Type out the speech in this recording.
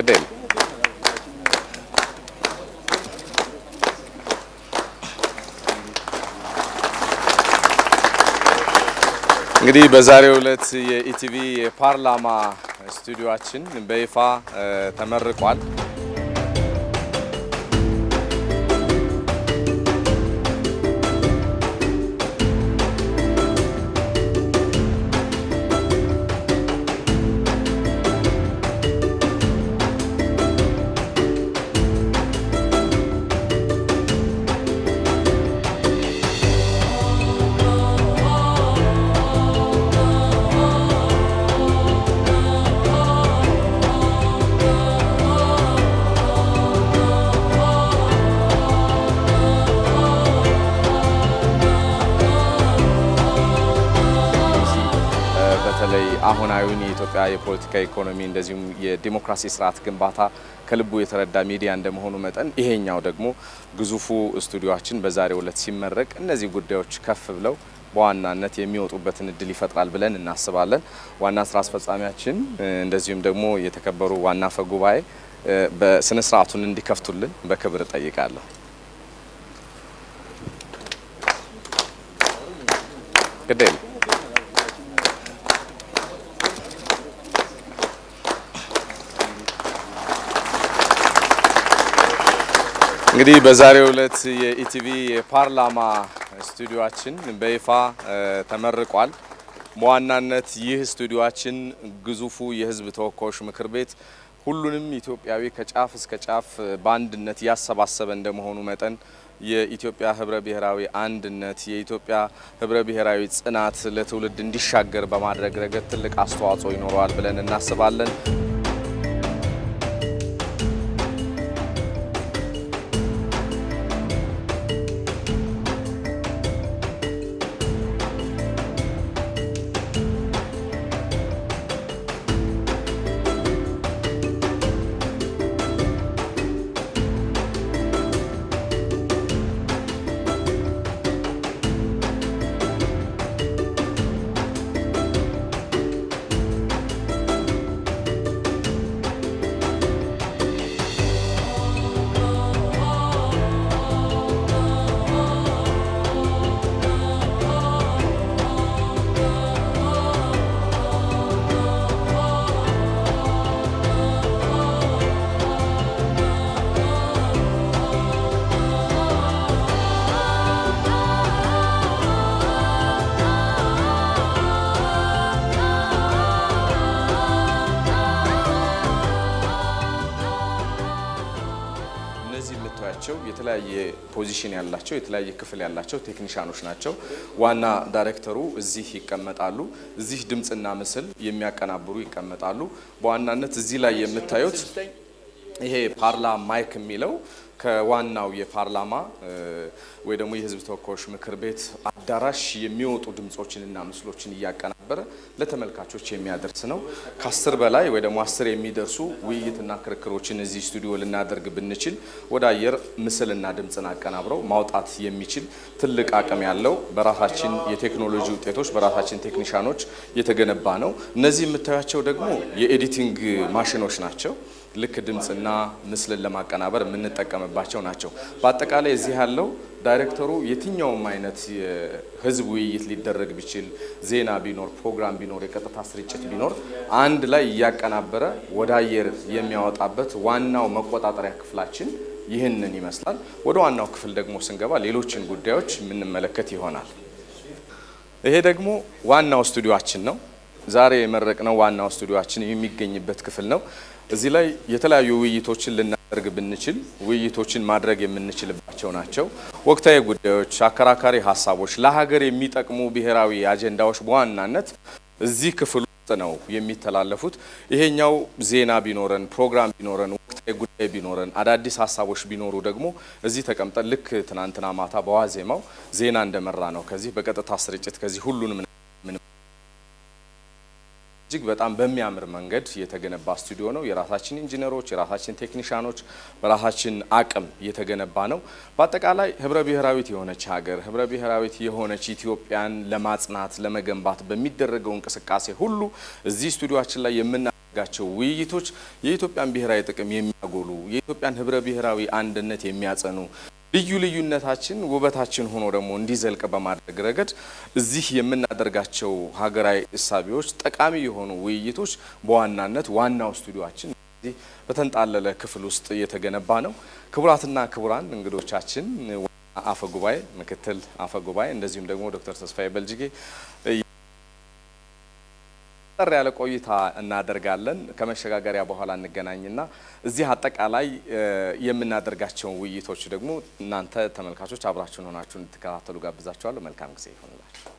ቅድም እንግዲህ በዛሬው ዕለት የኢቲቪ የፓርላማ ስቱዲዮአችን በይፋ ተመርቋል። አሁናዊውን የኢትዮጵያ የፖለቲካ ኢኮኖሚ፣ እንደዚሁም የዲሞክራሲ ስርዓት ግንባታ ከልቡ የተረዳ ሚዲያ እንደመሆኑ መጠን ይሄኛው ደግሞ ግዙፉ ስቱዲዮችን በዛሬው ዕለት ሲመረቅ እነዚህ ጉዳዮች ከፍ ብለው በዋናነት የሚወጡበትን እድል ይፈጥራል ብለን እናስባለን። ዋና ስራ አስፈጻሚያችን እንደዚሁም ደግሞ የተከበሩ ዋና አፈ ጉባኤ በስነ ስርዓቱን እንዲከፍቱልን በክብር እጠይቃለሁ። ግዴ እንግዲህ በዛሬው ዕለት የኢቲቪ የፓርላማ ስቱዲዮአችን በይፋ ተመርቋል። በዋናነት ይህ ስቱዲዮአችን ግዙፉ የሕዝብ ተወካዮች ምክር ቤት ሁሉንም ኢትዮጵያዊ ከጫፍ እስከ ጫፍ በአንድነት ያሰባሰበ እንደመሆኑ መጠን የኢትዮጵያ ህብረ ብሔራዊ አንድነት የኢትዮጵያ ህብረ ብሔራዊ ጽናት ለትውልድ እንዲሻገር በማድረግ ረገድ ትልቅ አስተዋጽኦ ይኖረዋል ብለን እናስባለን። ናቸው። የተለያየ ፖዚሽን ያላቸው የተለያየ ክፍል ያላቸው ቴክኒሻኖች ናቸው። ዋና ዳይሬክተሩ እዚህ ይቀመጣሉ። እዚህ ድምፅና ምስል የሚያቀናብሩ ይቀመጣሉ። በዋናነት እዚህ ላይ የምታዩት ይሄ ፓርላ ማይክ የሚለው ከዋናው የፓርላማ ወይ ደግሞ የህዝብ ተወካዮች ምክር ቤት አዳራሽ የሚወጡ ድምጾችንና ምስሎችን እያቀና እየተቀናበረ ለተመልካቾች የሚያደርስ ነው። ከአስር በላይ ወይ ደግሞ አስር የሚደርሱ ውይይትና ክርክሮችን እዚህ ስቱዲዮ ልናደርግ ብንችል ወደ አየር ምስልና ድምፅን አቀናብረው ማውጣት የሚችል ትልቅ አቅም ያለው በራሳችን የቴክኖሎጂ ውጤቶች በራሳችን ቴክኒሻኖች የተገነባ ነው። እነዚህ የምታያቸው ደግሞ የኤዲቲንግ ማሽኖች ናቸው። ልክ ድምፅና ምስልን ለማቀናበር የምንጠቀምባቸው ናቸው። በአጠቃላይ እዚህ ያለው ዳይሬክተሩ የትኛውም አይነት ህዝብ ውይይት ሊደረግ ቢችል ዜና ቢኖር ፕሮግራም ቢኖር የቀጥታ ስርጭት ቢኖር አንድ ላይ እያቀናበረ ወደ አየር የሚያወጣበት ዋናው መቆጣጠሪያ ክፍላችን ይህንን ይመስላል። ወደ ዋናው ክፍል ደግሞ ስንገባ ሌሎችን ጉዳዮች የምንመለከት ይሆናል። ይሄ ደግሞ ዋናው ስቱዲዮችን ነው። ዛሬ የመረቅነው ዋናው ስቱዲዮችን የሚገኝበት ክፍል ነው። እዚህ ላይ የተለያዩ ውይይቶችን ልናደርግ ብንችል ውይይቶችን ማድረግ የምንችልባቸው ናቸው። ወቅታዊ ጉዳዮች፣ አከራካሪ ሀሳቦች፣ ለሀገር የሚጠቅሙ ብሔራዊ አጀንዳዎች በዋናነት እዚህ ክፍል ውስጥ ነው የሚተላለፉት። ይሄኛው ዜና ቢኖረን ፕሮግራም ቢኖረን ወቅታዊ ጉዳይ ቢኖረን አዳዲስ ሀሳቦች ቢኖሩ ደግሞ እዚህ ተቀምጠን ልክ ትናንትና ማታ በዋዜማው ዜና እንደመራ ነው ከዚህ በቀጥታ ስርጭት ከዚህ ሁሉንም እጅግ በጣም በሚያምር መንገድ የተገነባ ስቱዲዮ ነው። የራሳችን ኢንጂነሮች፣ የራሳችን ቴክኒሽያኖች በራሳችን አቅም የተገነባ ነው። በአጠቃላይ ህብረ ብሔራዊት የሆነች ሀገር ህብረ ብሔራዊት የሆነች ኢትዮጵያን ለማጽናት ለመገንባት በሚደረገው እንቅስቃሴ ሁሉ እዚህ ስቱዲዮችን ላይ የምና ጋቸው ውይይቶች የኢትዮጵያን ብሔራዊ ጥቅም የሚያጎሉ የኢትዮጵያን ህብረ ብሔራዊ አንድነት የሚያጸኑ ልዩ ልዩነታችን ውበታችን ሆኖ ደግሞ እንዲዘልቅ በማድረግ ረገድ እዚህ የምናደርጋቸው ሀገራዊ እሳቢዎች ጠቃሚ የሆኑ ውይይቶች በዋናነት ዋናው ስቱዲዮችን በተንጣለለ ክፍል ውስጥ እየተገነባ ነው። ክቡራትና ክቡራን እንግዶቻችን አፈ ጉባኤ፣ ምክትል አፈ ጉባኤ እንደዚሁም ደግሞ ዶክተር ተስፋዬ በልጅጌ አጠር ያለ ቆይታ እናደርጋለን። ከመሸጋገሪያ በኋላ እንገናኝና እዚህ አጠቃላይ የምናደርጋቸው ውይይቶች ደግሞ እናንተ ተመልካቾች አብራችሁን ሆናችሁ እንድትከታተሉ ጋብዛችኋለሁ። መልካም ጊዜ ይሆንላችሁ።